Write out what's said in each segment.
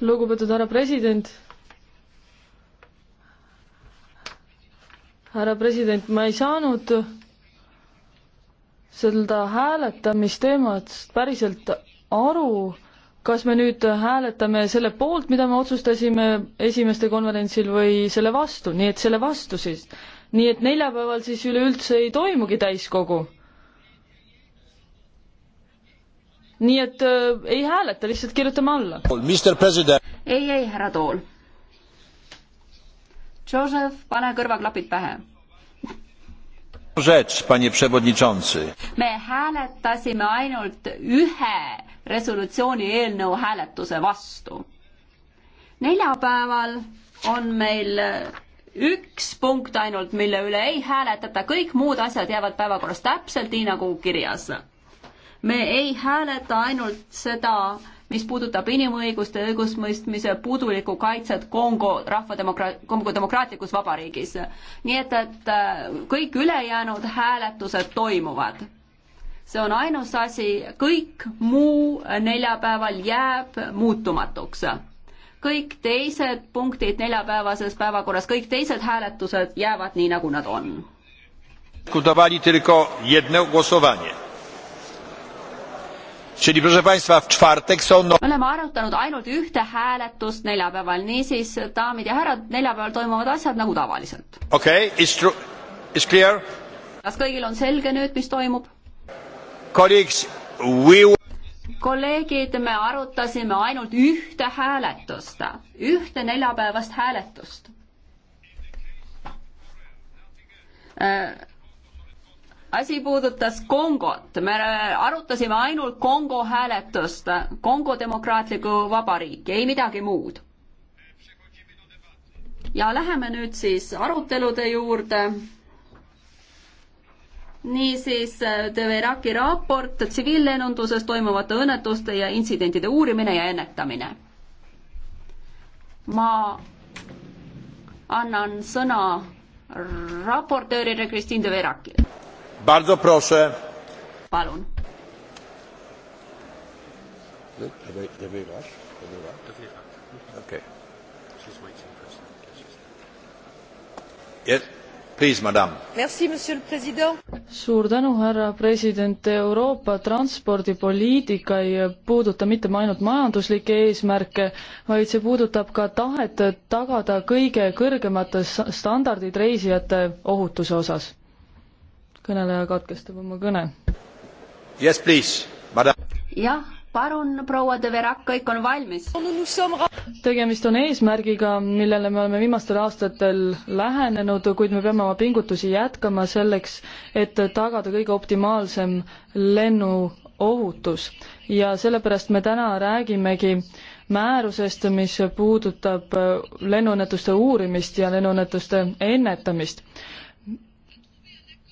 lugupeetud härra president. härra president, ma ei saanud seda hääletamisteemat päriselt aru, kas me nüüd hääletame selle poolt, mida me otsustasime esimeste konverentsil või selle vastu, nii et selle vastu siis. nii et neljapäeval siis üleüldse ei toimugi täiskogu nii et äh, ei hääleta, lihtsalt kirjutame alla. ei, ei, härra Tool. Joseph, pane kõrvaklapid pähe. me hääletasime ainult ühe resolutsiooni eelnõu hääletuse vastu. neljapäeval on meil üks punkt ainult, mille üle ei hääletata, kõik muud asjad jäävad päevakorras täpselt nii, nagu kirjas me ei hääleta ainult seda, mis puudutab inimõiguste õigusmõistmise puudulikku kaitset Kongo rahvademokraat-, Kongo demokraatlikus vabariigis. nii et, et äh, kõik ülejäänud hääletused toimuvad. see on ainus asi, kõik muu neljapäeval jääb muutumatuks. kõik teised punktid neljapäevases päevakorras, kõik teised hääletused jäävad nii, nagu nad on. Tylko jedno głosowanie Czyli proszę Państwa, w czwartek są no... me oleme arutanud ainult ühte hääletust neljapäeval, niisiis daamid ja härrad, neljapäeval toimuvad asjad nagu tavaliselt. okei okay,, is true, is clear? kas kõigil on selge nüüd, mis toimub? Colleagues, we kolleegid, me arutasime ainult ühte hääletust, ühte neljapäevast hääletust äh, asi puudutas Kongot, me arutasime ainult Kongo hääletust, Kongo demokraatlikku vabariiki, ei midagi muud. ja läheme nüüd siis arutelude juurde. niisiis, Deveraki äh, raport tsiviillennunduses toimuvate õnnetuste ja intsidentide uurimine ja ennetamine. ma annan sõna raportöörile Kristiin Deverakile. Bardzo proszę. Palun. Okay. Yes. Please, Merci, suur tänu härra president euroopa transpordipoliitika ei puuduta mitte ainult majanduslikke eesmärke vaid see puudutab ka tahet tagada kõige kõrgemad standardid reisijate ohutuse osas kõneleja katkestab oma kõne. jah, palun, proua De Verac, kõik on valmis. tegemist on eesmärgiga, millele me oleme viimastel aastatel lähenenud, kuid me peame oma pingutusi jätkama selleks, et tagada kõige optimaalsem lennuohutus ja sellepärast me täna räägimegi määrusest, mis puudutab lennuõnnetuste uurimist ja lennuõnnetuste ennetamist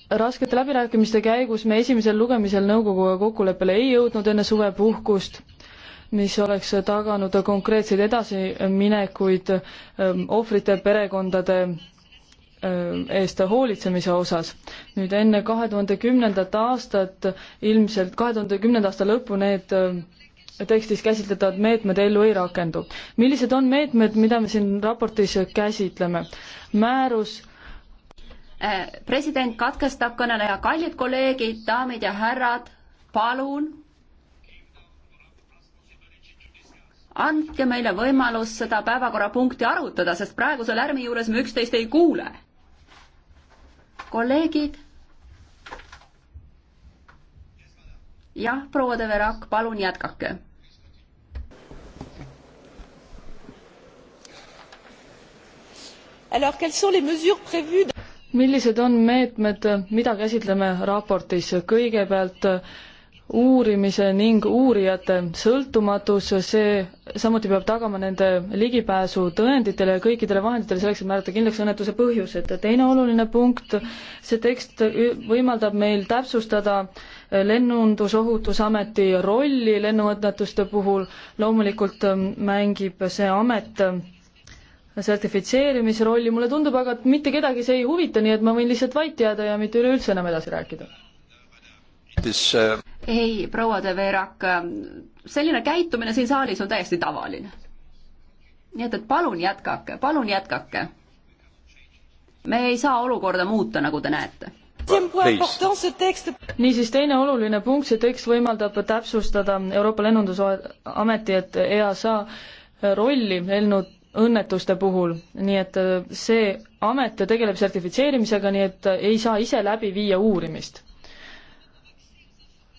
raskete läbirääkimiste käigus me esimesel lugemisel nõukoguga kokkuleppele ei jõudnud enne suvepuhkust, mis oleks taganud konkreetseid edasiminekuid ähm, ohvrite perekondade ähm, eest hoolitsemise osas. nüüd enne kahe tuhande kümnendat aastat, ilmselt kahe tuhande kümnenda aasta lõppu need äh, tekstis käsitletavad meetmed ellu ei rakendu. millised on meetmed, mida me siin raportis käsitleme? määrus Äh, president katkestab kõneleja, kallid kolleegid, daamid ja härrad, palun andke meile võimalus seda päevakorrapunkti arutada, sest praeguse lärmi juures me üksteist ei kuule. kolleegid. jah, proua De Verac, palun jätkake. Alors, quelles sont les mesures prévues dans millised on meetmed, mida käsitleme raportis, kõigepealt uurimise ning uurijate sõltumatus, see samuti peab tagama nende ligipääsu tõenditele ja kõikidele vahenditele selleks, et määrata kindlaks õnnetuse põhjused. teine oluline punkt, see tekst võimaldab meil täpsustada lennundusohutusameti rolli lennuõnnetuste puhul, loomulikult ähm, mängib see amet sertifitseerimisrolli, mulle tundub aga, et mitte kedagi see ei huvita, nii et ma võin lihtsalt vait jääda ja mitte üleüldse enam edasi rääkida. Äh, ei, proua De Veerak, selline käitumine siin saalis on täiesti tavaline. nii et, et palun jätkake, palun jätkake. me ei saa olukorda muuta, nagu te näete niisiis, teine oluline punkt, see tekst võimaldab täpsustada Euroopa Lennundusameti, et EASA rolli lennud õnnetuste puhul, nii et äh, see amet tegeleb sertifitseerimisega, nii et äh, ei saa ise läbi viia uurimist.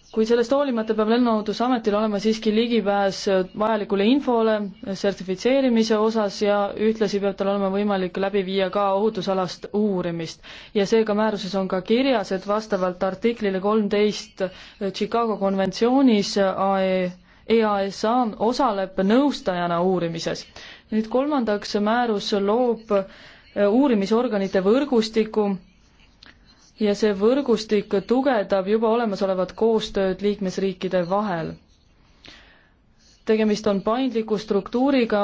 kuid sellest hoolimata peab Lennuohutusametil olema siiski ligipääs äh, vajalikule infole sertifitseerimise osas ja ühtlasi peab tal olema võimalik läbi viia ka ohutusalast uurimist. ja seega määruses on ka kirjas, et vastavalt artiklile kolmteist Chicago konventsioonis AE EASA osaleb nõustajana uurimises nüüd kolmandaks, määrus loob äh, uurimisorganite võrgustiku ja see võrgustik tugevdab juba olemasolevat koostööd liikmesriikide vahel. tegemist on paindliku struktuuriga,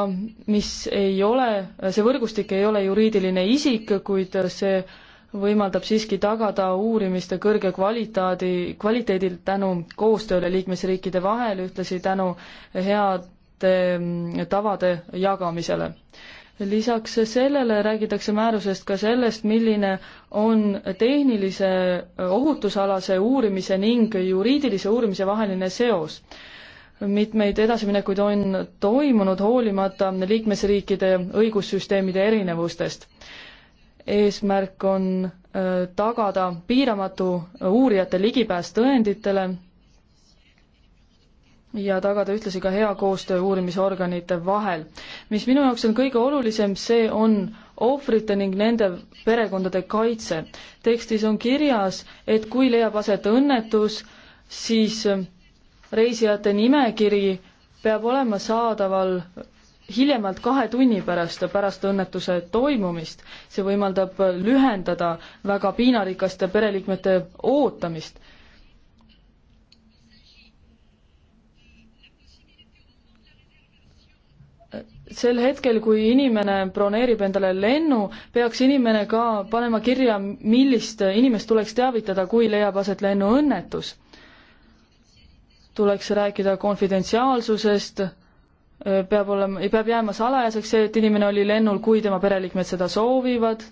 mis ei ole, see võrgustik ei ole juriidiline isik, kuid see võimaldab siiski tagada uurimiste kõrge kvalitaadi, kvaliteedil tänu koostööle liikmesriikide vahel, ühtlasi tänu head heade mm, tavade jagamisele. lisaks sellele räägitakse määrusest ka sellest, milline on tehnilise ohutusalase uurimise ning juriidilise uurimise vaheline seos mitmeid edasiminekuid on toimunud hoolimata liikmesriikide õigussüsteemide erinevustest. eesmärk on äh, tagada piiramatu uurijate ligipääs tõenditele ja tagada ühtlasi ka hea koostöö uurimisorganite vahel. mis minu jaoks on kõige olulisem, see on ohvrite ning nende perekondade kaitse. tekstis on kirjas, et kui leiab aset õnnetus, siis reisijate nimekiri peab olema saadaval hiljemalt kahe tunni pärast, pärast õnnetuse toimumist. see võimaldab lühendada väga piinarikaste pereliikmete ootamist sel hetkel, kui inimene broneerib endale lennu, peaks inimene ka panema kirja, millist inimest tuleks teavitada, kui leiab aset lennuõnnetus. tuleks rääkida konfidentsiaalsusest, peab olema, peab jääma salajaseks see, et inimene oli lennul, kui tema pereliikmed seda soovivad,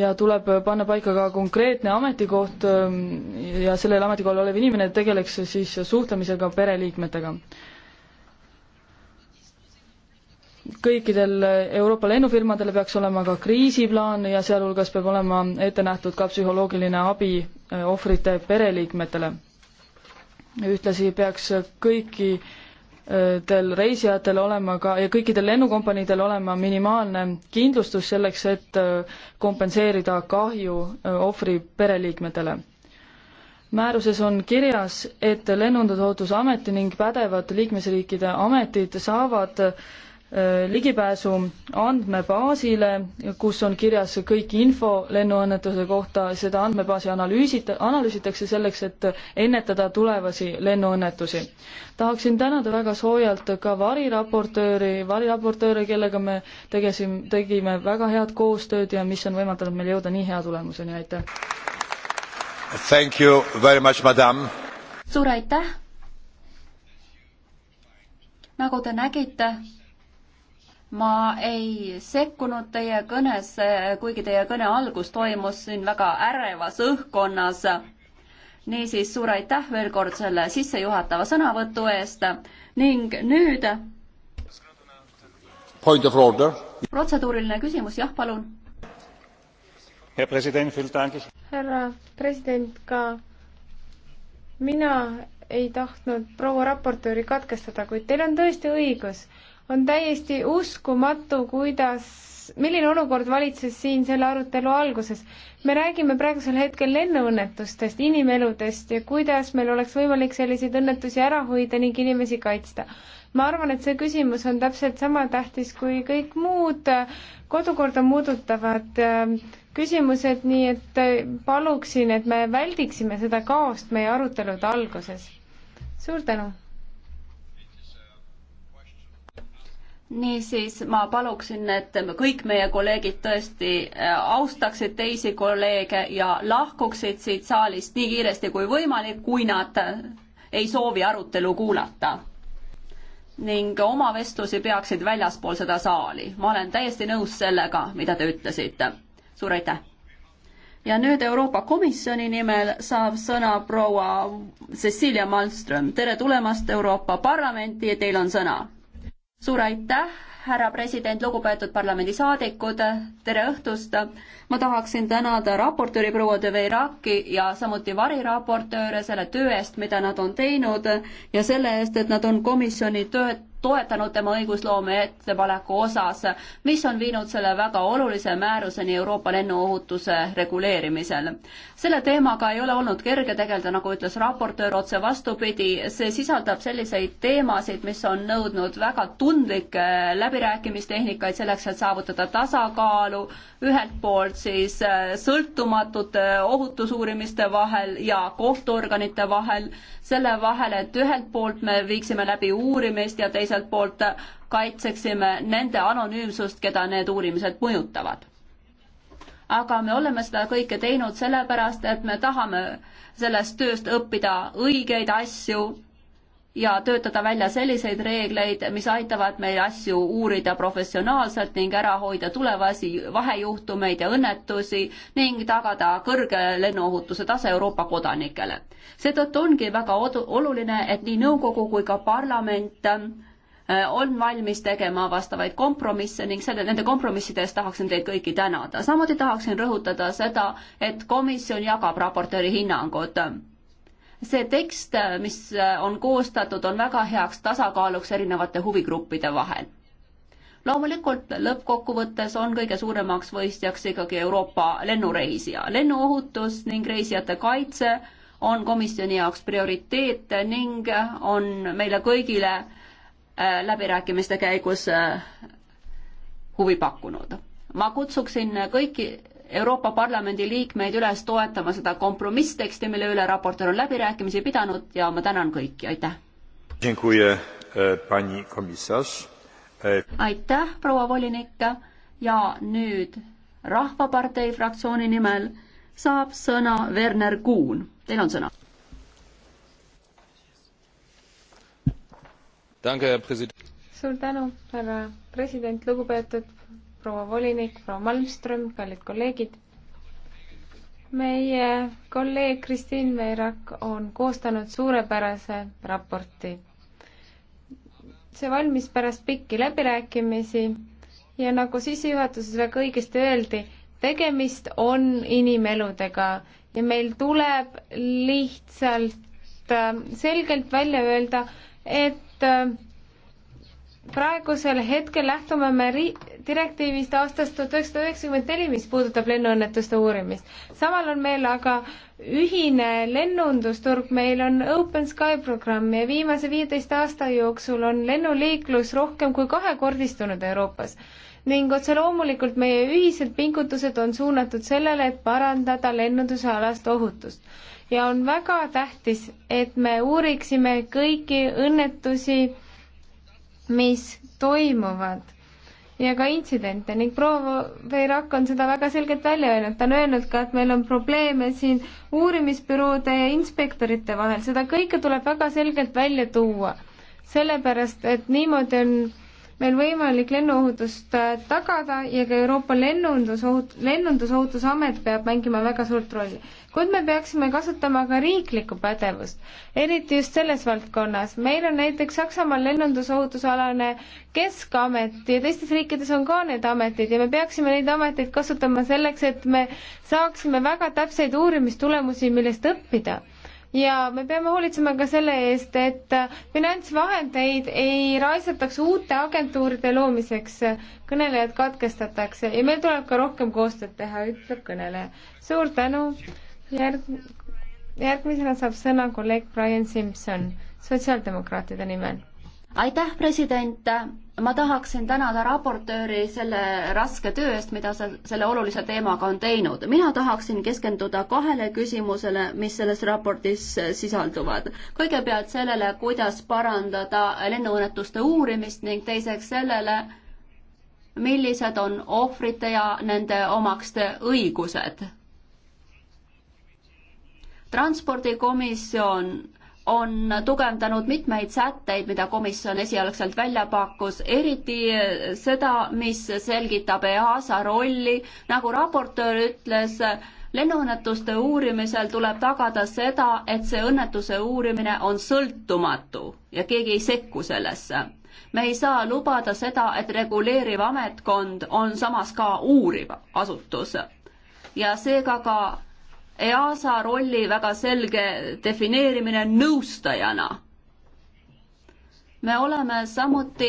ja tuleb panna paika ka konkreetne ametikoht ja sellel ametikohal olev inimene tegeleks siis suhtlemisega pereliikmetega kõikidel Euroopa lennufirmadel peaks olema ka kriisiplaan ja sealhulgas peab olema ette nähtud ka psühholoogiline abi eh, ohvrite pereliikmetele. ühtlasi peaks kõikidel eh, reisijatel olema ka ja kõikidel lennukompaniidel olema minimaalne kindlustus selleks, et eh, kompenseerida kahju ohvri pereliikmetele määruses on kirjas, et Lennundusohutusameti ning pädevad liikmesriikide ametid saavad Äh, ligipääsu andmebaasile, kus on kirjas kõik info lennuõnnetuse kohta, seda andmebaasi analüüsita-, analüüsitakse selleks, et ennetada tulevasi lennuõnnetusi. tahaksin tänada väga soojalt ka variraportööri, variraportööre, kellega me tegesime, tegime väga head koostööd ja mis on võimaldanud meil jõuda nii hea tulemuseni, aitäh! Thank you very much, madam! suur aitäh! nagu te nägite, ma ei sekkunud teie kõnes, kuigi teie kõne algus toimus siin väga ärevas õhkkonnas. niisiis suur aitäh veel kord selle sissejuhatava sõnavõtu eest ning nüüd. protseduuriline küsimus, jah, palun. härra president, ka mina ei tahtnud proua raportööri katkestada, kuid teil on tõesti õigus on täiesti uskumatu, kuidas, milline olukord valitses siin selle arutelu alguses. me räägime praegusel hetkel lennuõnnetustest, inimeludest ja kuidas meil oleks võimalik selliseid õnnetusi ära hoida ning inimesi kaitsta. ma arvan, et see küsimus on täpselt sama tähtis kui kõik muud kodukorda muudutavad ähm, küsimused, nii et äh, paluksin, et me väldiksime seda kaost meie arutelude alguses. suur tänu! niisiis ma paluksin, et kõik meie kolleegid tõesti äh, austaksid teisi kolleege ja lahkuksid siit saalist nii kiiresti kui võimalik, kui nad äh, ei soovi arutelu kuulata. ning oma vestlusi peaksid väljaspool seda saali. ma olen täiesti nõus sellega, mida te ütlesite. suur aitäh! ja nüüd Euroopa Komisjoni nimel saab sõna proua Cecilia Malmström. tere tulemast Euroopa Parlamenti ja teil on sõna suur aitäh, härra president, lugupeetud parlamendisaadikud, tere õhtust! ma tahaksin tänada raportööri proua de Veiraki ja samuti variraportööre selle töö eest, mida nad on teinud ja selle eest, et nad on komisjoni tööd toetanud tema õigusloome ettepaneku osas, mis on viinud selle väga olulise määruseni Euroopa lennuohutuse reguleerimisel. selle teemaga ei ole olnud kerge tegeleda, nagu ütles raportöör, otse vastupidi, see sisaldab selliseid teemasid, mis on nõudnud väga tundlikke läbirääkimistehnikaid selleks, et saavutada tasakaalu ühelt poolt siis äh, sõltumatute ohutusuurimiste vahel ja kohtuorganite vahel, selle vahel, et ühelt poolt me viiksime läbi uurimist ja teisalt teiselt poolt kaitseksime nende anonüümsust, keda need uurimised mõjutavad. aga me oleme seda kõike teinud sellepärast, et me tahame sellest tööst õppida õigeid asju ja töötada välja selliseid reegleid, mis aitavad meil asju uurida professionaalselt ning ära hoida tulevasi vahejuhtumeid ja õnnetusi ning tagada kõrge lennuohutuse tase Euroopa kodanikele. seetõttu ongi väga oluline, et nii nõukogu kui ka parlament Äh, on valmis tegema vastavaid kompromisse ning selle, nende kompromisside eest tahaksin teid kõiki tänada. samuti tahaksin rõhutada seda, et komisjon jagab raportööri hinnangut see tekst, mis on koostatud, on väga heaks tasakaaluks erinevate huvigruppide vahel loomulikult lõppkokkuvõttes on kõige suuremaks võistjaks ikkagi Euroopa lennureisija. lennuohutus ning reisijate kaitse on komisjoni jaoks prioriteet ning on meile kõigile Äh, läbirääkimiste käigus äh, huvi pakkunud. ma kutsuksin kõiki Euroopa Parlamendi liikmeid üles toetama seda kompromissteksti, mille üle raportöör on läbirääkimisi pidanud ja ma tänan kõiki, aitäh! E, e, aitäh, proua volinik ja nüüd Rahvapartei fraktsiooni nimel saab sõna Werner Kuhn, teil on sõna suur tänu, härra president, lugupeetud proua volinik, proua Malmström, kallid kolleegid. meie kolleeg Kristiin Veirak on koostanud suurepärase raporti. see valmis pärast pikki läbirääkimisi ja nagu sissejuhatuses väga õigesti öeldi, tegemist on inimeludega ja meil tuleb lihtsalt äh, selgelt välja öelda, et et äh, praegusel hetkel lähtume me ri-, direktiivist aastast tuhat üheksasada üheksakümmend neli, mis puudutab lennuõnnetuste uurimist. samal on meil aga ühine lennundusturg, meil on Open Sky programm ja viimase viieteist aasta jooksul on lennuliiklus rohkem kui kahekordistunud Euroopas. ning otse loomulikult meie ühised pingutused on suunatud sellele, et parandada lennundusealast ohutust ja on väga tähtis, et me uuriksime kõiki õnnetusi, mis toimuvad ja ka intsidente ning proua Veirak on seda väga selgelt välja öelnud, ta on öelnud ka, et meil on probleeme siin uurimisbüroode ja inspektorite vahel, seda kõike tuleb väga selgelt välja tuua. sellepärast, et niimoodi on meil võimalik lennuohutust äh, tagada ja ka Euroopa Lennundusohut-, Lennundusohutusamet peab mängima väga suurt rolli kuid me peaksime kasutama ka riiklikku pädevust, eriti just selles valdkonnas. meil on näiteks Saksamaal lennundusohutusalane keskamet ja teistes riikides on ka need ametid ja me peaksime neid ameteid kasutama selleks, et me saaksime väga täpseid uurimistulemusi, millest õppida ja me peame hoolitsema ka selle eest, et finantsvahendeid ei raisataks uute agentuuride loomiseks. kõnelejad katkestatakse ja meil tuleb ka rohkem koostööd teha, ütleb kõneleja. suur tänu järg, järgmisena saab sõna kolleeg Brian Simson sotsiaaldemokraatide nimel. aitäh, president! ma tahaksin tänada raportööri selle raske töö eest, mida sa selle olulise teemaga on teinud. mina tahaksin keskenduda kahele küsimusele, mis selles raportis sisalduvad. kõigepealt sellele, kuidas parandada lennuõnnetuste uurimist ning teiseks sellele, millised on ohvrite ja nende omakste õigused transpordikomisjon on tugevdanud mitmeid sätteid, mida komisjon esialgselt välja pakkus, eriti seda, mis selgitab EASA rolli. nagu raportöör ütles, lennuõnnetuste uurimisel tuleb tagada seda, et see õnnetuse uurimine on sõltumatu ja keegi ei sekku sellesse. me ei saa lubada seda, et reguleeriv ametkond on samas ka uuriv asutus ja seega ka EASA rolli väga selge defineerimine nõustajana me oleme samuti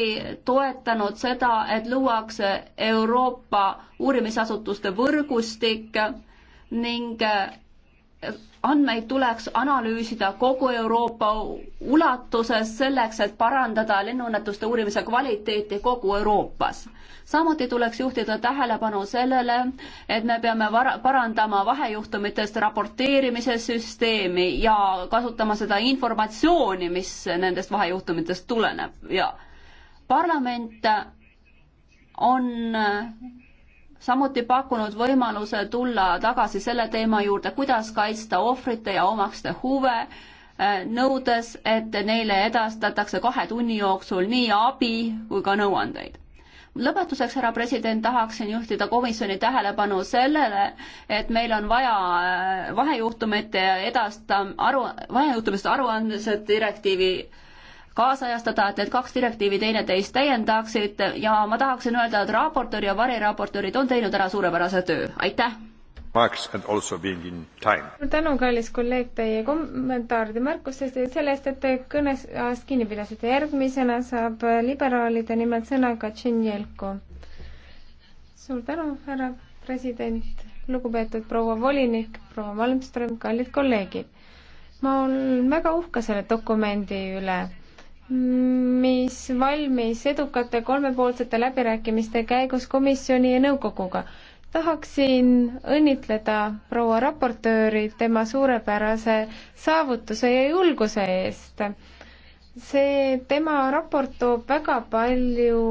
toetanud seda, et luuakse Euroopa uurimisasutuste võrgustik ning andmeid tuleks analüüsida kogu Euroopa ulatuses selleks, et parandada lennuõnnetuste uurimise kvaliteeti kogu Euroopas. samuti tuleks juhtida tähelepanu sellele, et me peame vara-, parandama vahejuhtumitest raporteerimise süsteemi ja kasutama seda informatsiooni, mis nendest vahejuhtumitest tuleneb ja parlament on samuti pakkunud võimaluse tulla tagasi selle teema juurde, kuidas kaitsta ohvrite ja omaste huve, äh, nõudes, et neile edastatakse kahe tunni jooksul nii abi kui ka nõuandeid. lõpetuseks, härra president, tahaksin juhtida komisjoni tähelepanu sellele, et meil on vaja äh, vahejuhtumite edasta-, aru, vahejuhtumiste aruandmise direktiivi kaasajastada, et need kaks direktiivi teineteist täiendaksid ja ma tahaksin öelda, et raportöör ja variraportöörid on teinud ära suurepärase töö, aitäh! suur tänu, kallis kolleeg, teie kommentaaride märkustest ja selle eest, et te kõnes ajast kinni pidasite. järgmisena saab liberaalide nimel sõna Katšin Jelko. suur tänu, härra president, lugupeetud proua volinik, proua Malmström, kallid kolleegid ma olen väga uhke selle dokumendi üle mis valmis edukate kolmepoolsete läbirääkimiste käigus komisjoni ja nõukoguga. tahaksin õnnitleda proua raportööri tema suurepärase saavutuse ja julguse eest. see, tema raport toob väga palju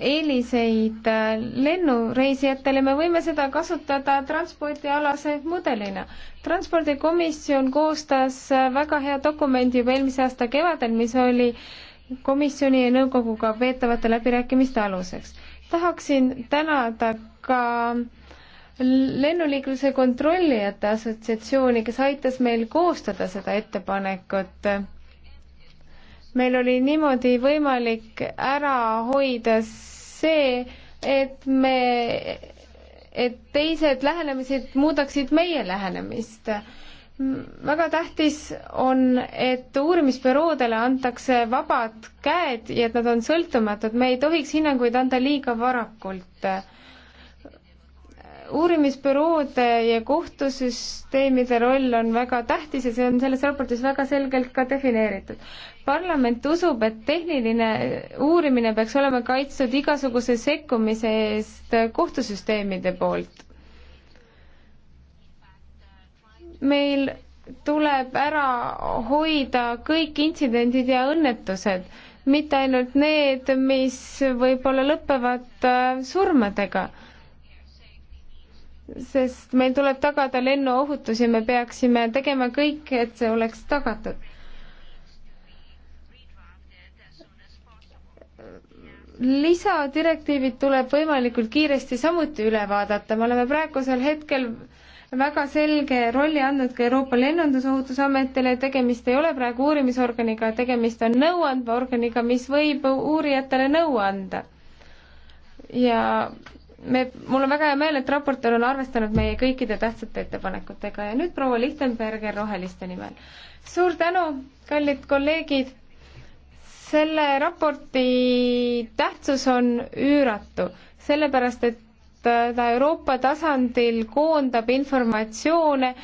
eeliseid äh, lennureisijatele, me võime seda kasutada transpordialase mudelina. transpordikomisjon koostas äh, väga hea dokumendi juba eelmise aasta kevadel, mis oli komisjoni ja nõukoguga veetavate läbirääkimiste aluseks. tahaksin tänada ka lennuliikluse kontrollijate assotsiatsiooni, kes aitas meil koostada seda ettepanekut meil oli niimoodi võimalik ära hoida see, et me, et teised lähenemised muudaksid meie lähenemist. väga tähtis on, et uurimisbüroodele antakse vabad käed ja et nad on sõltumatud, me ei tohiks hinnanguid anda liiga varakult uurimisbüroode ja kohtusüsteemide roll on väga tähtis ja see on selles raportis väga selgelt ka defineeritud. parlament usub, et tehniline uurimine peaks olema kaitstud igasuguse sekkumise eest kohtusüsteemide poolt. meil tuleb ära hoida kõik intsidendid ja õnnetused, mitte ainult need, mis võib-olla lõpevad äh, surmadega sest meil tuleb tagada lennuohutus ja me peaksime tegema kõik, et see oleks tagatud. lisadirektiivid tuleb võimalikult kiiresti samuti üle vaadata, me oleme praegusel hetkel väga selge rolli andnud ka Euroopa Lennundusohutusametile, tegemist ei ole praegu uurimisorganiga, tegemist on nõuandva organiga, mis võib uurijatele nõu anda. ja me, mul on väga hea meel, et raportöör on arvestanud meie kõikide tähtsate ettepanekutega ja nüüd proua Lichtenberger Roheliste nimel. suur tänu, kallid kolleegid, selle raporti tähtsus on üüratu, sellepärast et ta Euroopa tasandil koondab informatsioone,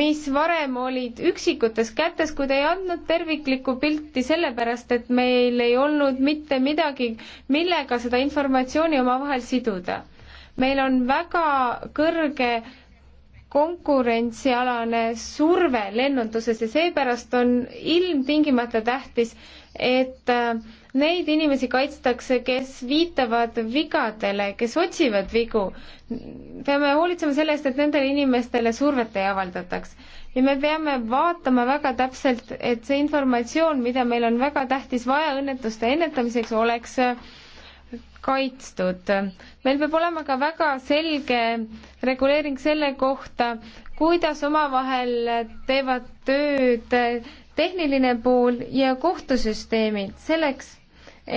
mis varem olid üksikutes kätes, kuid ei andnud terviklikku pilti, sellepärast et meil ei olnud mitte midagi, millega seda informatsiooni omavahel siduda meil on väga kõrge konkurentsialane surve lennunduses ja seepärast on ilmtingimata tähtis, et äh, neid inimesi kaitstakse, kes viitavad vigadele, kes otsivad vigu. peame hoolitsema selle eest, et nendele inimestele survet ei avaldataks. ja me peame vaatama väga täpselt, et see informatsioon, mida meil on väga tähtis vaja õnnetuste ennetamiseks, oleks äh, kaitstud meil peab olema ka väga selge reguleering selle kohta, kuidas omavahel teevad tööd tehniline pool ja kohtusüsteemid selleks,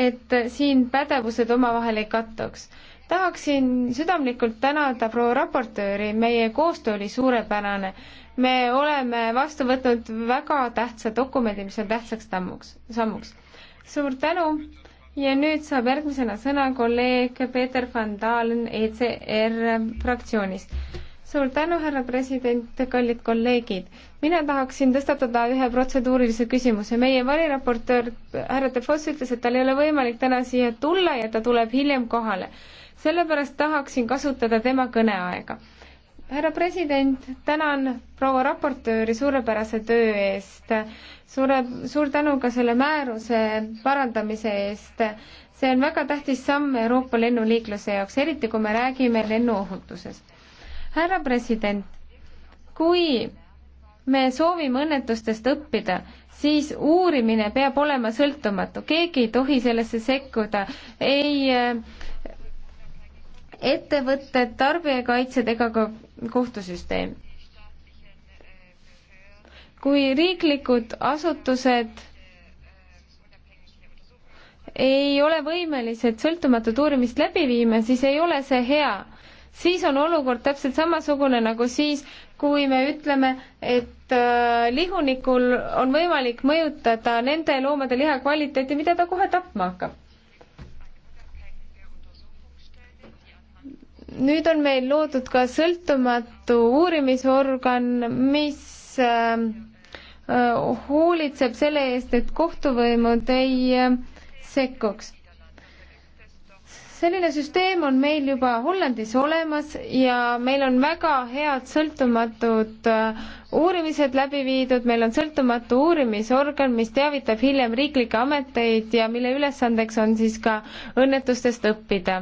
et siin pädevused omavahel ei kattuks. tahaksin südamlikult tänada proua raportööri, meie koostöö oli suurepärane. me oleme vastu võtnud väga tähtsa dokumendi, mis on tähtsaks tammuks, sammuks. suur tänu ja nüüd saab järgmisena sõna kolleeg Peeter van Dalen ECR fraktsioonist. suur tänu, härra president, kallid kolleegid. mina tahaksin tõstatada ühe protseduurilise küsimuse. meie variraportöör härra Defos ütles, et tal ei ole võimalik täna siia tulla ja ta tuleb hiljem kohale. sellepärast tahaksin kasutada tema kõneaega härra president, tänan proua raportööri suurepärase töö eest. suure, suur tänu ka selle määruse parandamise eest. see on väga tähtis samm Euroopa lennuliikluse jaoks, eriti kui me räägime lennuohutusest. härra president, kui me soovime õnnetustest õppida, siis uurimine peab olema sõltumatu, keegi ei tohi sellesse sekkuda, ei äh, ettevõtted, tarbijakaitsed ega ka kohtusüsteem. kui riiklikud asutused ei ole võimelised sõltumatut uurimist läbi viima, siis ei ole see hea. siis on olukord täpselt samasugune nagu siis, kui me ütleme, et äh, lihunikul on võimalik mõjutada nende loomade liha kvaliteeti, mida ta kohe tapma hakkab nüüd on meil loodud ka sõltumatu uurimisorgan, mis ähm, äh, hoolitseb selle eest, et kohtuvõimud ei ähm, sekkuks. selline süsteem on meil juba Hollandis olemas ja meil on väga head sõltumatud äh, uurimised läbi viidud, meil on sõltumatu uurimisorgan, mis teavitab hiljem riiklikke ameteid ja mille ülesandeks on siis ka õnnetustest õppida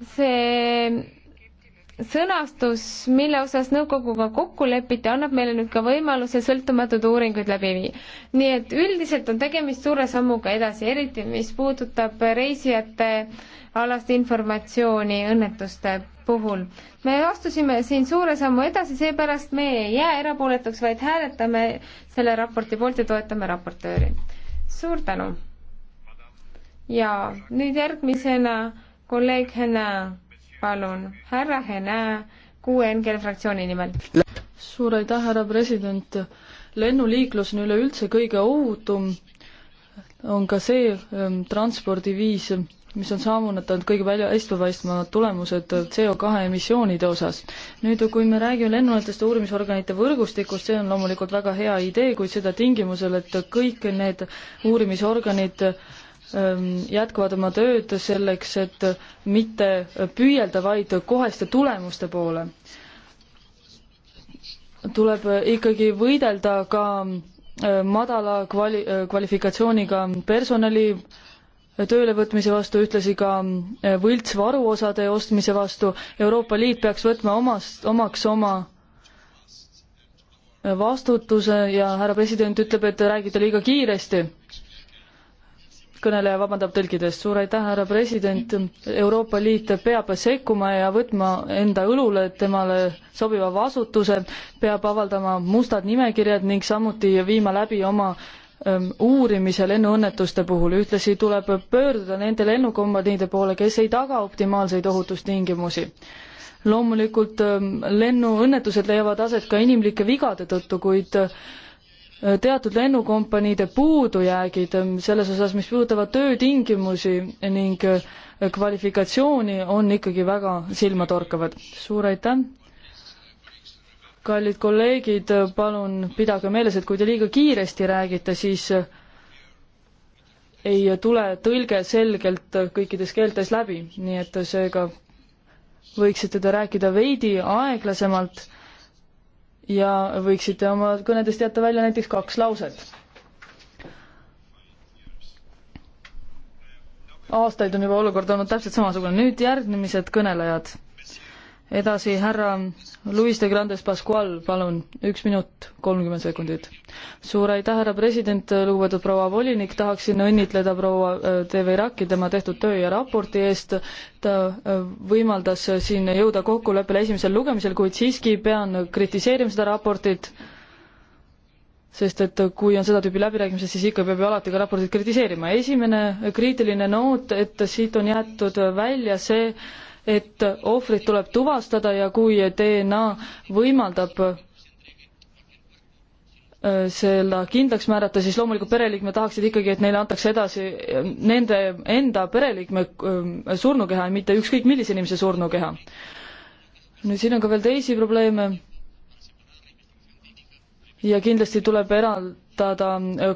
see sõnastus, mille osas nõukoguga kokku lepiti, annab meile nüüd ka võimaluse sõltumatud uuringuid läbi viia. nii et üldiselt on tegemist suure sammuga edasi, eriti mis puudutab reisijate alast informatsiooni õnnetuste puhul. me astusime siin suure sammu edasi, seepärast me ei jää erapooletuks, vaid hääletame selle raporti poolt ja toetame raportööri. suur tänu! ja nüüd järgmisena kolleeg Hena, palun, härra Hena, QNGL fraktsiooni nimel. suur aitäh, härra president. lennuliiklus on üleüldse kõige ohutum, on ka see ähm, transpordiviis, mis on saavutanud kõige välja, hästipaistvamad tulemused CO2 emissioonide osas. nüüd, kui me räägime lennuettevõtete uurimisorganite võrgustikust, see on loomulikult väga hea idee, kuid seda tingimusel, et kõik need uurimisorganid äh, Ähm, jätkuvad oma tööd selleks, et mitte püüelda, vaid koheste tulemuste poole. tuleb ikkagi võidelda ka äh, madala kvali-, äh, kvalifikatsiooniga personali töölevõtmise vastu, ühtlasi ka äh, võltsvaruosade ostmise vastu. Euroopa Liit peaks võtma omast, omaks oma vastutuse ja härra president ütleb, et te räägite liiga kiiresti kõneleja vabandab tõlkidest, suur aitäh, härra president, Euroopa Liit peab sekkuma ja võtma enda õlule temale sobiva vastutuse, peab avaldama mustad nimekirjad ning samuti viima läbi oma ähm, uurimise lennuõnnetuste puhul, ühtlasi tuleb pöörduda nende lennukompaniide poole, kes ei taga optimaalseid ohutustingimusi. loomulikult ähm, lennuõnnetused leiavad aset ka inimlike vigade tõttu, kuid Äh, teatud lennukompaniide puudujäägid ähm, selles osas, mis puudutavad töötingimusi ning äh, kvalifikatsiooni, on ikkagi väga silmatorkavad. suur aitäh! kallid kolleegid, äh, palun pidage meeles, et kui te liiga kiiresti räägite, siis ei tule tõlge selgelt kõikides keeltes läbi, nii et seega võiksite te rääkida veidi aeglasemalt ja võiksite oma kõnedest jätta välja näiteks kaks lauset. aastaid on juba olukord olnud täpselt samasugune, nüüd järgmised kõnelejad edasi härra Luis de Grandes Pascual, palun, üks minut, kolmkümmend sekundit. suur aitäh, härra president, lugupeetud proua volinik, tahaksin õnnitleda proua äh, Teveraki tema tehtud töö ja raporti eest. ta äh, võimaldas siin jõuda kokkuleppele esimesel lugemisel, kuid siiski pean kritiseerima seda raportit, sest et kui on seda tüüpi läbirääkimised, siis ikka peab ju alati ka raportit kritiseerima. esimene kriitiline noot, et siit on jäetud välja see, et ohvrid tuleb tuvastada ja kui DNA võimaldab äh, seda kindlaks määrata, siis loomulikult pereliikmed tahaksid ikkagi, et neile antakse edasi äh, nende enda pereliikme äh, surnukeha ja mitte ükskõik millise inimese surnukeha. nüüd siin on ka veel teisi probleeme. ja kindlasti tuleb eraldada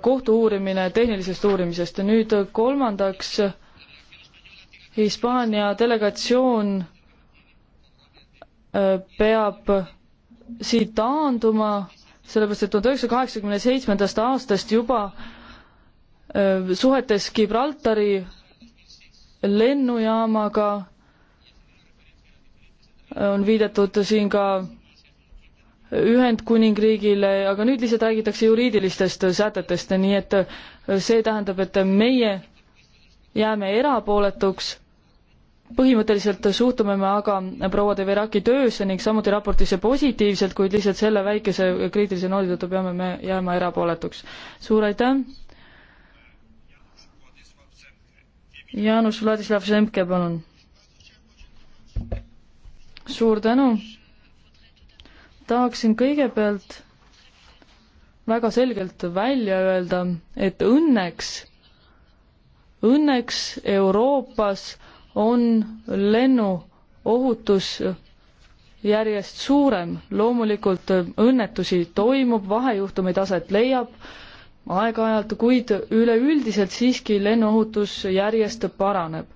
kohtu uurimine tehnilisest uurimisest ja nüüd kolmandaks Hispaania delegatsioon äh, peab siit taanduma, sellepärast et tuhande üheksasaja kaheksakümne seitsmendast aastast juba äh, suhetes Gibraltari lennujaamaga äh, on viidatud siin ka Ühendkuningriigile, aga nüüd lihtsalt räägitakse juriidilistest sätetest, nii et see tähendab, et meie jääme erapooletuks põhimõtteliselt suhtume me aga proua de Veraki töösse ning samuti raportisse positiivselt, kuid lihtsalt selle väikese kriitilise noodi tõttu peame me jääma erapooletuks. suur aitäh! Jaanus Vladislav Semke, palun! suur tänu! tahaksin kõigepealt väga selgelt välja öelda, et õnneks, õnneks Euroopas äh, on lennuohutus järjest suurem, loomulikult õnnetusi toimub, vahejuhtumeid aset leiab aeg-ajalt, kuid üleüldiselt siiski lennuohutus järjest paraneb.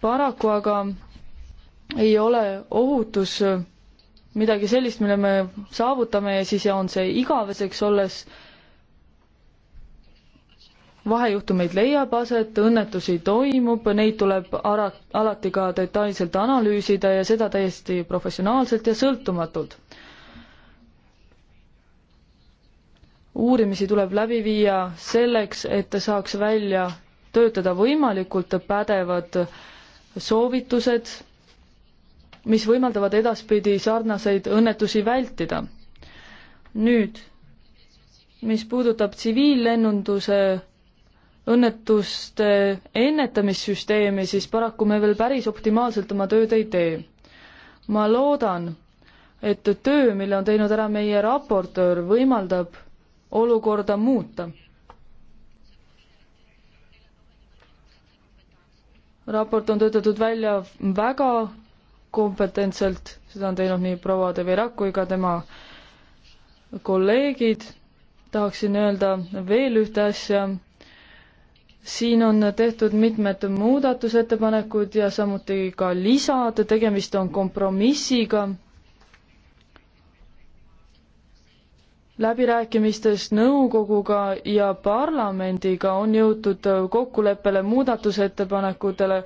paraku aga ei ole ohutus midagi sellist, mille me saavutame ja siis on see igaveseks, olles vahejuhtumeid leiab aset, õnnetusi toimub, neid tuleb ara-, alati ka detailselt analüüsida ja seda täiesti professionaalselt ja sõltumatult. uurimisi tuleb läbi viia selleks, et saaks välja töötada võimalikult pädevad soovitused, mis võimaldavad edaspidi sarnaseid õnnetusi vältida. nüüd, mis puudutab tsiviillennunduse õnnetuste ennetamissüsteemi, siis paraku me veel päris optimaalselt oma tööd ei tee. ma loodan, et töö, mille on teinud ära meie raportöör, võimaldab olukorda muuta. raport on töötatud välja väga kompetentselt, seda on teinud nii proua De Verac kui ka tema kolleegid. tahaksin öelda veel ühte asja siin on tehtud mitmed muudatusettepanekud ja samuti ka lisad, tegemist on kompromissiga. läbirääkimistes nõukoguga ja parlamendiga on jõutud kokkuleppele muudatusettepanekutele,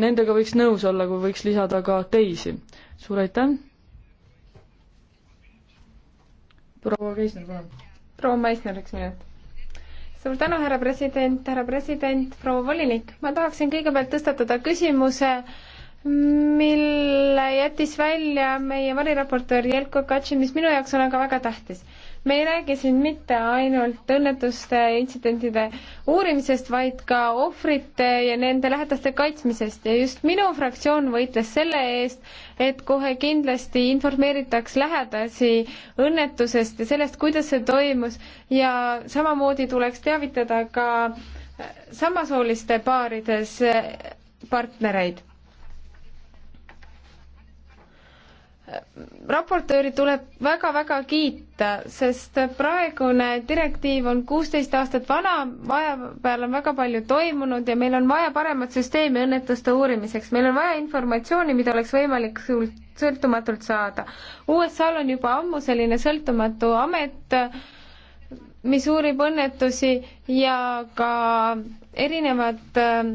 nendega võiks nõus olla, kui võiks lisada ka teisi. suur aitäh! proua Keisner, palun! proua Meissner, üks minut suur tänu, härra president, härra president, proua volinik. ma tahaksin kõigepealt tõstatada küsimuse, mille jättis välja meie variraportöör Jelko Katšin, mis minu jaoks on aga väga tähtis me ei räägi siin mitte ainult õnnetuste ja intsidentide uurimisest, vaid ka ohvrite ja nende lähedaste kaitsmisest ja just minu fraktsioon võitles selle eest, et kohe kindlasti informeeritaks lähedasi õnnetusest ja sellest, kuidas see toimus ja samamoodi tuleks teavitada ka samasooliste paarides partnereid raportööri tuleb väga-väga kiita, sest praegune direktiiv on kuusteist aastat vana, vahepeal on väga palju toimunud ja meil on vaja paremat süsteemi õnnetuste uurimiseks, meil on vaja informatsiooni, mida oleks võimalik sõltumatult saada. USA-l on juba ammu selline sõltumatu amet, mis uurib õnnetusi ja ka erinevad äh,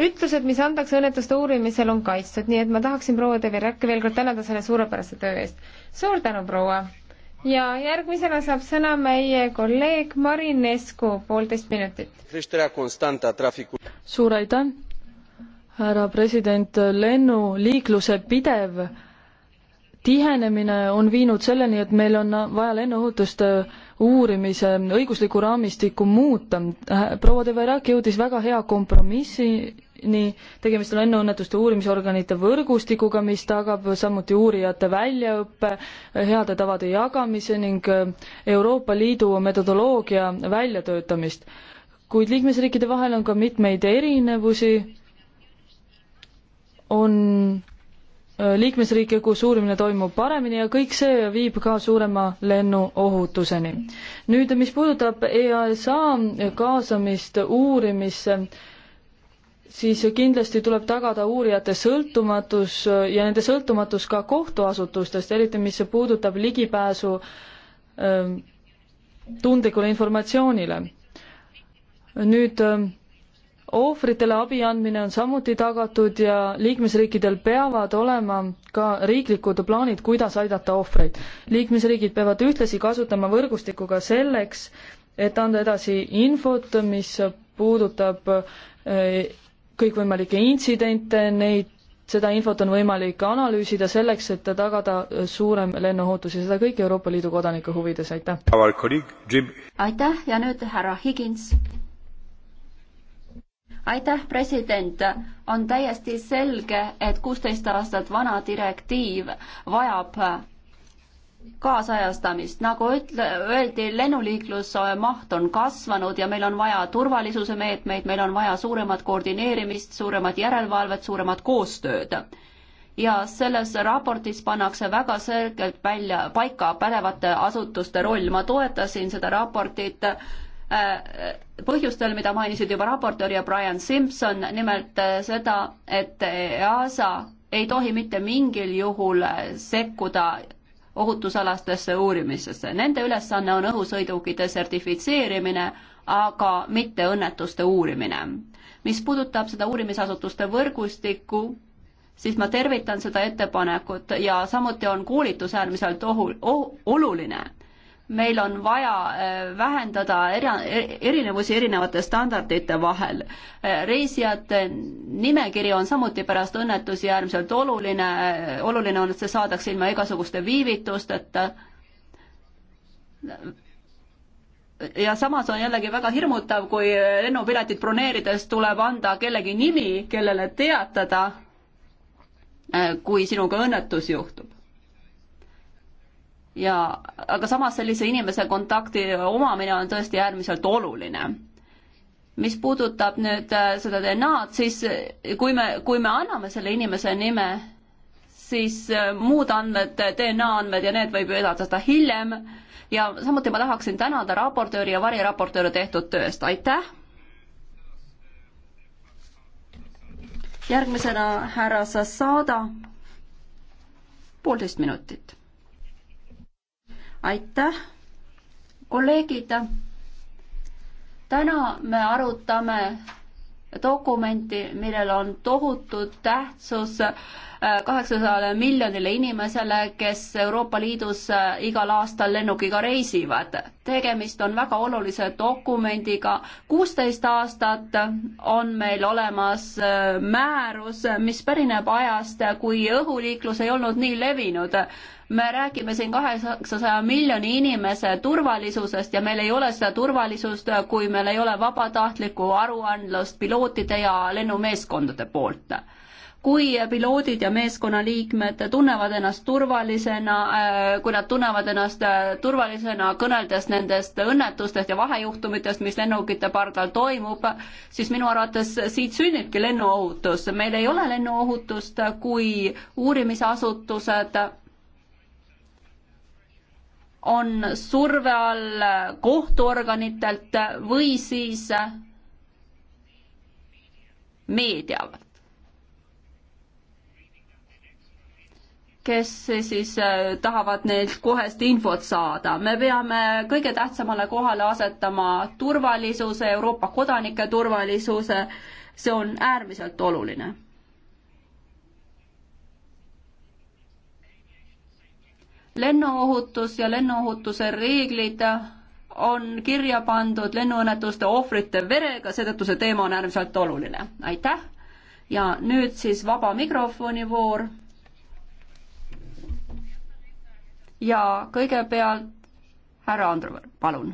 ütlused, mis antakse õnnetuste uurimisel, on kaitstud, nii et ma tahaksin proua Devi Räkki veel kord tänada selle suurepärase töö eest. suur tänu, proua! ja järgmisena saab sõna meie kolleeg Marin Esku, poolteist minutit. suur aitäh, härra president, lennuliikluse pidev tihenemine on viinud selleni, et meil on vaja lennuohutuste uurimise õiguslikku raamistikku muuta. proua De Verac jõudis väga hea kompromissi, nii, tegemist on lennuõnnetuste uurimisorganite võrgustikuga, mis tagab samuti uurijate väljaõppe, heade tavade jagamise ning äh, Euroopa Liidu metodoloogia väljatöötamist. kuid liikmesriikide vahel on ka mitmeid erinevusi, on äh, liikmesriike, kus uurimine toimub paremini ja kõik see viib ka suurema lennuohutuseni. nüüd, mis puudutab EASA kaasamist uurimisse, siis kindlasti tuleb tagada uurijate sõltumatus ja nende sõltumatus ka kohtuasutustest, eriti mis puudutab ligipääsu ähm, tundlikule informatsioonile. nüüd ähm, ohvritele abi andmine on samuti tagatud ja liikmesriikidel peavad olema ka riiklikud plaanid, kuidas aidata ohvreid. liikmesriigid peavad ühtlasi kasutama võrgustikku ka selleks, et anda edasi infot, mis puudutab äh, kõikvõimalikke intsidente, neid, seda infot on võimalik analüüsida selleks, et tagada suurem lennuohutus ja seda kõik Euroopa Liidu kodanike huvides, aitäh! aitäh ja nüüd härra Higins. aitäh, president! on täiesti selge, et kuusteist aastat vana direktiiv vajab kaasajastamist, nagu ütle, öeldi, lennuliikluse maht on kasvanud ja meil on vaja turvalisuse meetmeid, meil on vaja suuremat koordineerimist, suuremat järelevalvet, suuremat koostööd. ja selles raportis pannakse väga selgelt välja paika pädevate asutuste roll, ma toetasin seda raportit äh, põhjustel, mida mainisid juba raportöör ja Brian Simson, nimelt äh, seda, et EASA ei tohi mitte mingil juhul äh, sekkuda ohutusalastesse uurimistesse. Nende ülesanne on õhusõidukite sertifitseerimine, aga mitte õnnetuste uurimine. mis puudutab seda uurimisasutuste võrgustikku, siis ma tervitan seda ettepanekut ja samuti on koolitus äärmiselt ohu, oh, oluline meil on vaja äh, vähendada eri, erinevusi erinevate standardite vahel. Äh, reisijate nimekiri on samuti pärast õnnetusi äärmiselt oluline, äh, oluline on, et see saadakse ilma igasuguste viivitusteta. ja samas on jällegi väga hirmutav, kui lennupiletit broneerides tuleb anda kellegi nimi, kellele teatada, kui sinuga õnnetus juhtub ja aga samas sellise inimese kontakti omamine on tõesti äärmiselt oluline. mis puudutab nüüd äh, seda DNA-d, siis äh, kui me, kui me anname selle inimese nime, siis äh, muud andmed, DNA andmed ja need võib ju edastada hiljem ja samuti ma tahaksin tänada raportööri ja variraportööre tehtud tööst, aitäh! järgmisena härra Sassada, poolteist minutit aitäh, kolleegid. täna me arutame dokumenti, millel on tohutu tähtsus äh, kaheksasajale miljonile inimesele, kes Euroopa Liidus äh, igal aastal lennukiga reisivad. tegemist on väga olulise dokumendiga. kuusteist aastat on meil olemas äh, määrus, mis pärineb ajast, kui õhuliiklus ei olnud nii levinud me räägime siin kaheksasaja miljoni inimese turvalisusest ja meil ei ole seda turvalisust, kui meil ei ole vabatahtlikku aruandlust pilootide ja lennumeeskondade poolt kui piloodid ja meeskonnaliikmed tunnevad ennast turvalisena, äh, kui nad tunnevad ennast äh, turvalisena, kõneldes nendest õnnetustest ja vahejuhtumitest, mis lennukite pardal toimub, siis minu arvates siit sünnibki lennuohutus. meil ei ole lennuohutust, kui uurimisasutused on surve all kohtuorganitelt või siis meedia kes siis äh, tahavad neilt kohest infot saada. me peame kõige tähtsamale kohale asetama turvalisuse, Euroopa kodanike turvalisuse, see on äärmiselt oluline. lennuohutus ja lennuohutuse reeglid on kirja pandud lennuõnnetuste ohvrite verega, seetõttu see teema on äärmiselt oluline. aitäh! ja nüüd siis vaba mikrofoni voor ja kõigepealt härra Andrus, palun,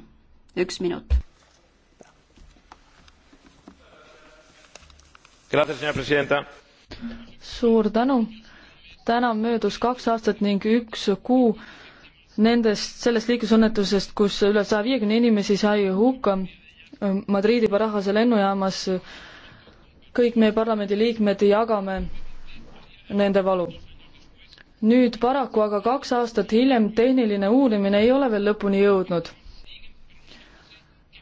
üks minut. suur tänu. täna möödus kaks aastat ning üks kuu nendest, sellest liiklusõnnetusest, kus üle saja viiekümne inimesi sai hukka Madridi Barajase lennujaamas. kõik meie parlamendiliikmed jagame nende valu nüüd paraku aga kaks aastat hiljem tehniline uurimine ei ole veel lõpuni jõudnud.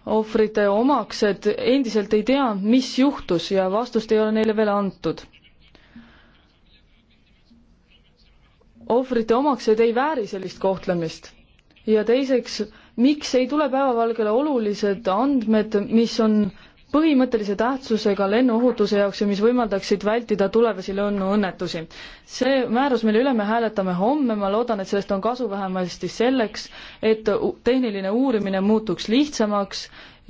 ohvrite omaksed endiselt ei tea, mis juhtus ja vastust ei ole neile veel antud. ohvrite omaksed ei vääri sellist kohtlemist. ja teiseks, miks ei tule päevavalgele olulised andmed, mis on põhimõttelise tähtsusega lennuohutuse jaoks ja mis võimaldaksid vältida tulevasi lennuõnnetusi. see määrus, mille üle me hääletame homme, ma loodan, et sellest on kasu vähemasti selleks, et tehniline uurimine muutuks lihtsamaks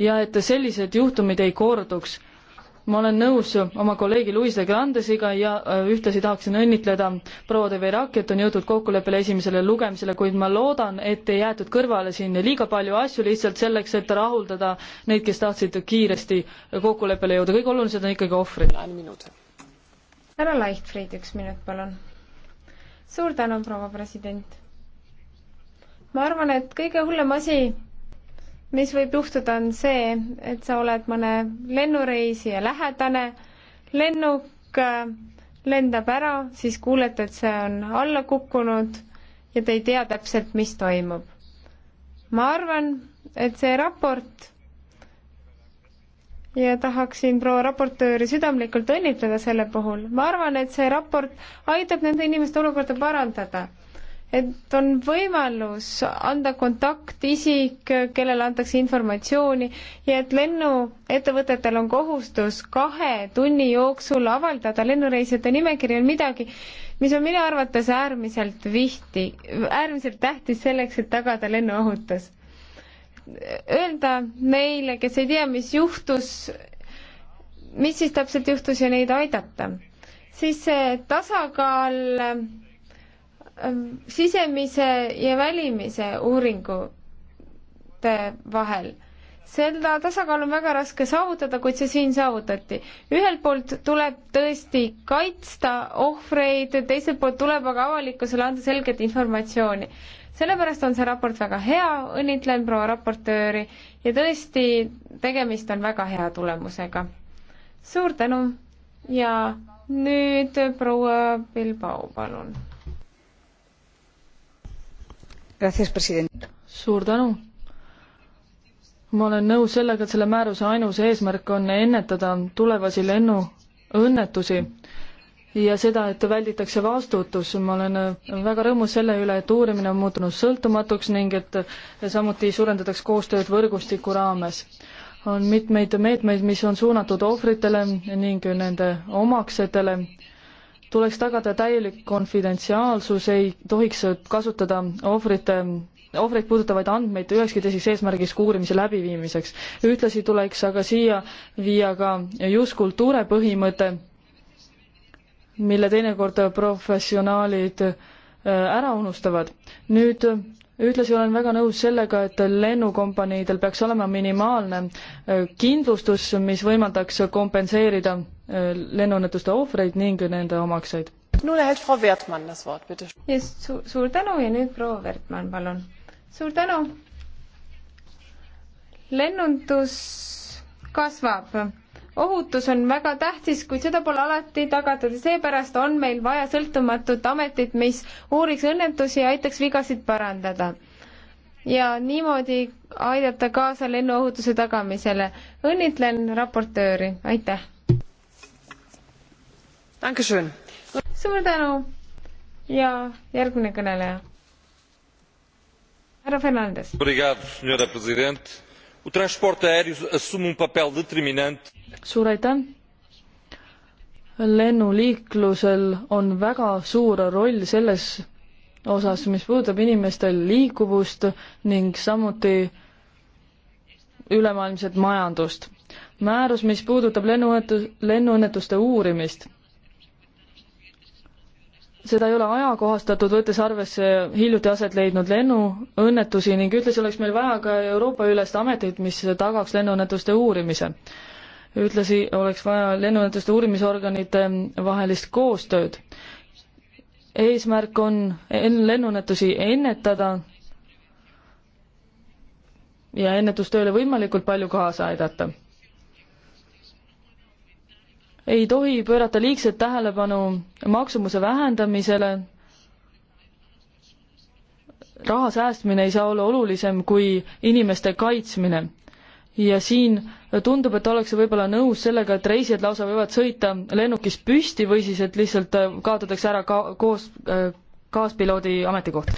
ja et sellised juhtumid ei korduks ma olen nõus oma kolleegi Luise Grandesiga ja äh, ühtlasi tahaksin õnnitleda proua de Verac, et on jõutud kokkuleppele esimesele lugemisele, kuid ma loodan, et ei jäetud kõrvale siin liiga palju asju lihtsalt selleks, et rahuldada neid, kes tahtsid kiiresti kokkuleppele jõuda, kõige olulised on ikkagi ohvrid. härra Leichtfried, üks minut, palun. suur tänu, proua president. ma arvan, et kõige hullem asi, mis võib juhtuda, on see, et sa oled mõne lennureisija lähedane, lennuk äh, lendab ära, siis kuulete, et see on alla kukkunud ja te ei tea täpselt, mis toimub. ma arvan, et see raport ja tahaksin proua raportööri südamlikult õnnitleda selle puhul. ma arvan, et see raport aitab nende inimeste olukorda parandada et on võimalus anda kontaktisik, kellele antakse informatsiooni ja et lennuettevõtetel on kohustus kahe tunni jooksul avaldada lennureisijate nimekirjal midagi, mis on minu arvates äärmiselt vihti, äärmiselt tähtis selleks, et tagada lennuohutus. Öelda neile, kes ei tea, mis juhtus, mis siis täpselt juhtus ja neid aidata, siis see tasakaal Ähm, sisemise ja välimise uuringute vahel. seda tasakaalu on väga raske saavutada, kuid see siin saavutati. ühelt poolt tuleb tõesti kaitsta ohvreid, teiselt poolt tuleb aga avalikkusele anda selget informatsiooni. sellepärast on see raport väga hea, õnnitlen proua raportööri ja tõesti, tegemist on väga hea tulemusega. suur tänu ja nüüd proua Bilbao, palun suur tänu. ma olen nõus sellega, et selle määruse ainus eesmärk on ennetada tulevasi lennuõnnetusi ja seda, et välditakse vastutus. ma olen väga rõõmus selle üle, et uurimine on muutunud sõltumatuks ning et samuti suurendatakse koostööd võrgustiku raames. on mitmeid meetmeid, mis on suunatud ohvritele ning nende omaksetele tuleks tagada täielik konfidentsiaalsus, ei tohiks kasutada ohvrite ohvreid puudutavaid andmeid ühekski teiseks eesmärgiks kui uurimise läbiviimiseks. ühtlasi tuleks aga siia viia ka just-kultuure põhimõte, mille teinekord professionaalid äh, ära unustavad. nüüd ühtlasi olen väga nõus sellega, et lennukompaniidel peaks olema minimaalne äh, kindlustus, mis võimaldaks kompenseerida lennuõnnetuste ohvreid ning nende omakseid. just, suur tänu ja nüüd proua Wertmann, palun. suur tänu. lennundus kasvab ohutus on väga tähtis, kuid seda pole alati tagatud ja seepärast on meil vaja sõltumatut ametit, mis uuriks õnnetusi ja aitaks vigasid parandada. ja niimoodi aidata kaasa lennuohutuse tagamisele. õnnitlen raportööri, aitäh! suur tänu ja järgmine kõneleja. härra Fernandes. Um suur aitäh. lennuliiklusel on väga suur roll selles osas, mis puudutab inimeste liikuvust ning samuti ülemaailmset majandust. määrus, mis puudutab lennuõnnetus, lennuõnnetuste uurimist seda ei ole ajakohastatud, võttes arvesse hiljuti aset leidnud lennuõnnetusi ning ühtlasi oleks meil vaja ka Euroopa-ülest ametit, mis tagaks lennuõnnetuste uurimise. ühtlasi oleks vaja lennuõnnetuste uurimisorganite vahelist koostööd. eesmärk on lennuõnnetusi ennetada ja ennetustööle võimalikult palju kaasa aidata ei tohi pöörata liigset tähelepanu maksumuse vähendamisele. raha säästmine ei saa olla olulisem kui inimeste kaitsmine. ja siin tundub, et ollakse võib-olla nõus sellega, et reisijad lausa võivad sõita lennukis püsti või siis, et lihtsalt kaotatakse ära ka koos äh, kaaspiloodi ametikoht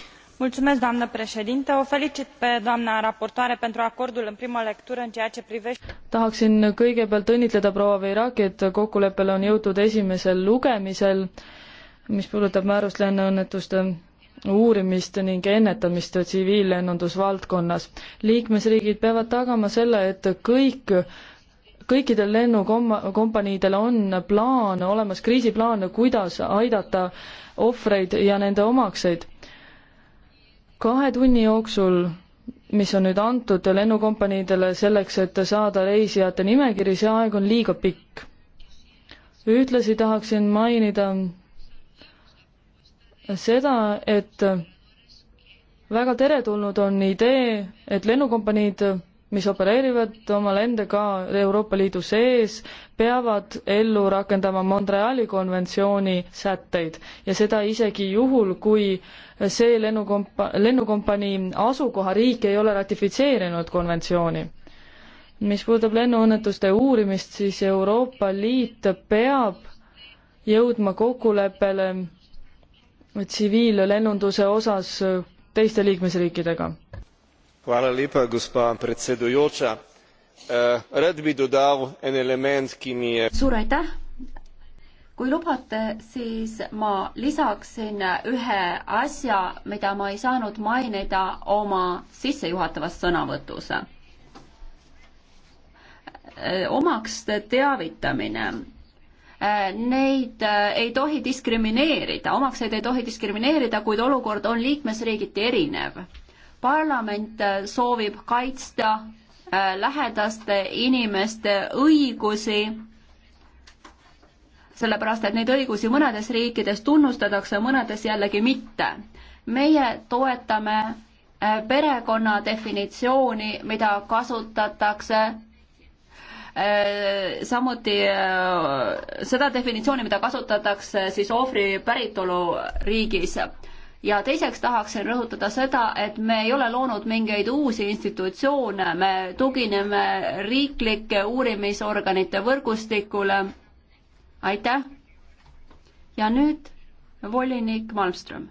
o felicit pe doamna raportoare pentru acordul în primă lectură în ceea ce privește. tahaksin kõigepealt õnnitleda proua veiraki et kokkuleppele on jõutud esimesel lugemisel mis puudutab määrust lennuõnnetuste uurimist ning ennetamist tsiviillennundusvaldkonnas. liikmesriigid peavad tagama selle, et kõik, kõikidel lennukompaniidel on plaan olemas, kriisiplaan, kuidas aidata ohvreid ja nende omakseid kahe tunni jooksul, mis on nüüd antud lennukompaniidele selleks, et saada reisijate nimekiri, see aeg on liiga pikk. ühtlasi tahaksin mainida seda, et väga teretulnud on idee, et lennukompaniid mis opereerivad oma lende ka Euroopa Liidu sees, peavad ellu rakendama Montreali konventsiooni sätteid ja seda isegi juhul, kui see lennukompa-, lennukompanii asukohariik ei ole ratifitseerinud konventsiooni. mis puudutab lennuõnnetuste uurimist, siis Euroopa Liit peab jõudma kokkuleppele tsiviillennunduse osas teiste liikmesriikidega Eh, rad bi dodal en element ki mi je. suur aitäh! kui lubate, siis ma lisaksin ühe asja, mida ma ei saanud mainida oma sissejuhatavas sõnavõtus. Eh, omakste teavitamine. Eh, neid ei tohi diskrimineerida, omakseid ei tohi diskrimineerida, kuid olukord on liikmesriigiti erinev parlament äh, soovib kaitsta äh, lähedaste inimeste õigusi, sellepärast et neid õigusi mõnedes riikides tunnustatakse, mõnedes jällegi mitte. meie toetame äh, perekonna definitsiooni, mida kasutatakse samuti seda definitsiooni, mida kasutatakse siis ohvri päritoluriigis ja teiseks tahaksin rõhutada seda, et me ei ole loonud mingeid uusi institutsioone, me tugineme riiklike uurimisorganite võrgustikule. aitäh. ja nüüd volinik Malmström.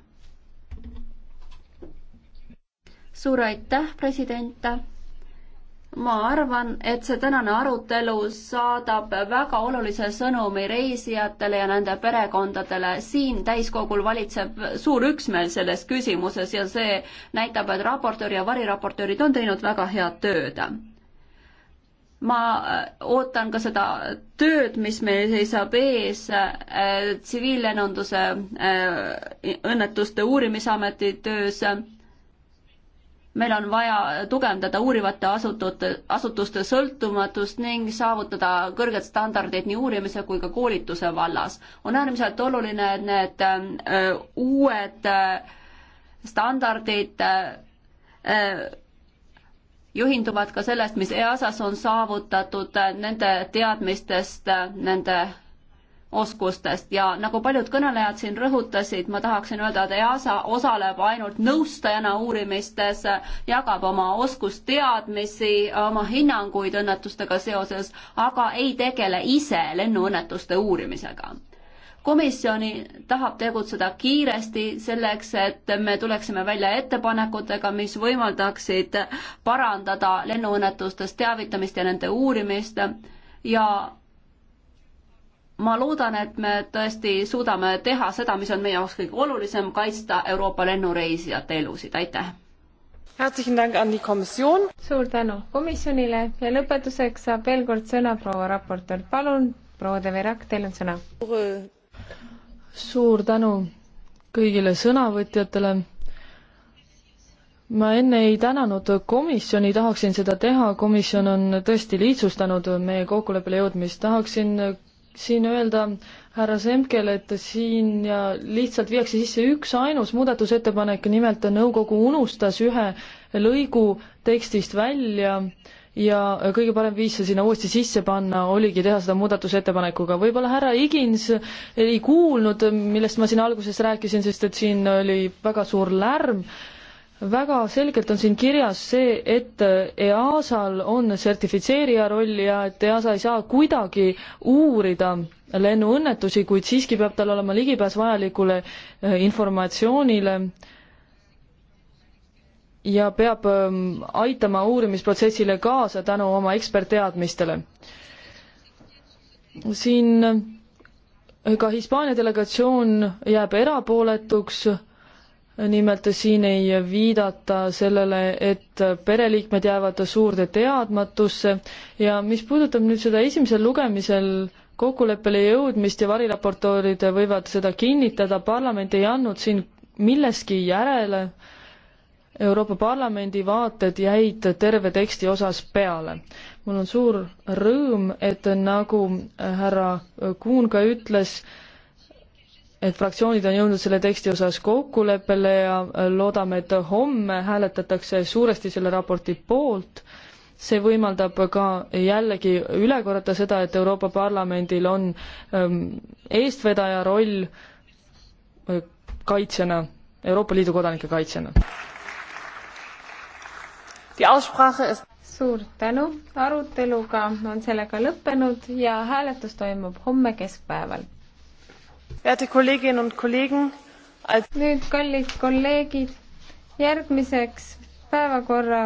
suur aitäh, president ma arvan, et see tänane arutelu saadab väga olulise sõnumi reisijatele ja nende perekondadele. siin täiskogul valitseb suur üksmeel selles küsimuses ja see näitab, et raportöör ja variraportöörid on teinud väga head tööd. ma äh, ootan ka seda tööd, mis meil seisab ees äh, tsiviillennunduse äh, õnnetuste uurimisameti töös meil on vaja tugevdada uurivate asutute, asutuste sõltumatust ning saavutada kõrged standardid nii uurimise kui ka koolituse vallas. on äärmiselt oluline, et need öö, äh, uued äh, standardid öö, äh, juhinduvad ka sellest, mis EASA-s on saavutatud, nende teadmistest, nende oskustest ja nagu paljud kõnelejad siin rõhutasid, ma tahaksin öelda, et EASA osaleb ainult nõustajana uurimistes, jagab oma oskusteadmisi, oma hinnanguid õnnetustega seoses, aga ei tegele ise lennuõnnetuste uurimisega. komisjoni tahab tegutseda kiiresti selleks, et me tuleksime välja ettepanekutega, mis võimaldaksid parandada lennuõnnetustest teavitamist ja nende uurimist ja ma loodan, et me tõesti suudame teha seda, mis on meie jaoks kõige olulisem, kaitsta Euroopa lennureisijate elusid, aitäh! suur tänu komisjonile ja lõpetuseks saab veel kord sõna proua raportöör, palun, proua De Verac, teil on sõna. suur tänu kõigile sõnavõtjatele. ma enne ei tänanud komisjoni, tahaksin seda teha, komisjon on tõesti lihtsustanud meie kokkuleppele jõudmist, tahaksin siin öelda härra Semkel, et siin lihtsalt viiakse sisse üksainus muudatusettepanek, nimelt nõukogu unustas ühe lõigu tekstist välja ja kõige parem viis see sinna uuesti sisse panna oligi teha seda muudatusettepanekuga. võib-olla härra Higins ei kuulnud, millest ma siin alguses rääkisin, sest et siin oli väga suur lärm väga selgelt on siin kirjas see, et EASA-l on sertifitseerija roll ja et EASA ei saa kuidagi uurida lennuõnnetusi, kuid siiski peab tal olema ligipääs vajalikule äh, informatsioonile ja peab ähm, aitama uurimisprotsessile kaasa tänu oma ekspertteadmistele. siin ka Hispaania delegatsioon jääb erapooletuks nimelt siin ei viidata sellele, et pereliikmed jäävad suurde teadmatusse ja mis puudutab nüüd seda esimesel lugemisel kokkuleppele jõudmist ja variraportöörid võivad seda kinnitada, parlament ei andnud siin milleski järele. Euroopa Parlamendi vaated jäid terve teksti osas peale. mul on suur rõõm, et nagu härra Kuhn ka ütles, et fraktsioonid on jõudnud selle teksti osas kokkuleppele ja loodame, et homme hääletatakse suuresti selle raporti poolt. see võimaldab ka jällegi üle korrata seda, et Euroopa Parlamendil on ähm, eestvedaja roll äh, kaitsjana, Euroopa Liidu kodanike kaitsjana. suur tänu, aruteluga on sellega lõppenud ja hääletus toimub homme keskpäeval nüüd, kallid kolleegid, järgmiseks päevakorra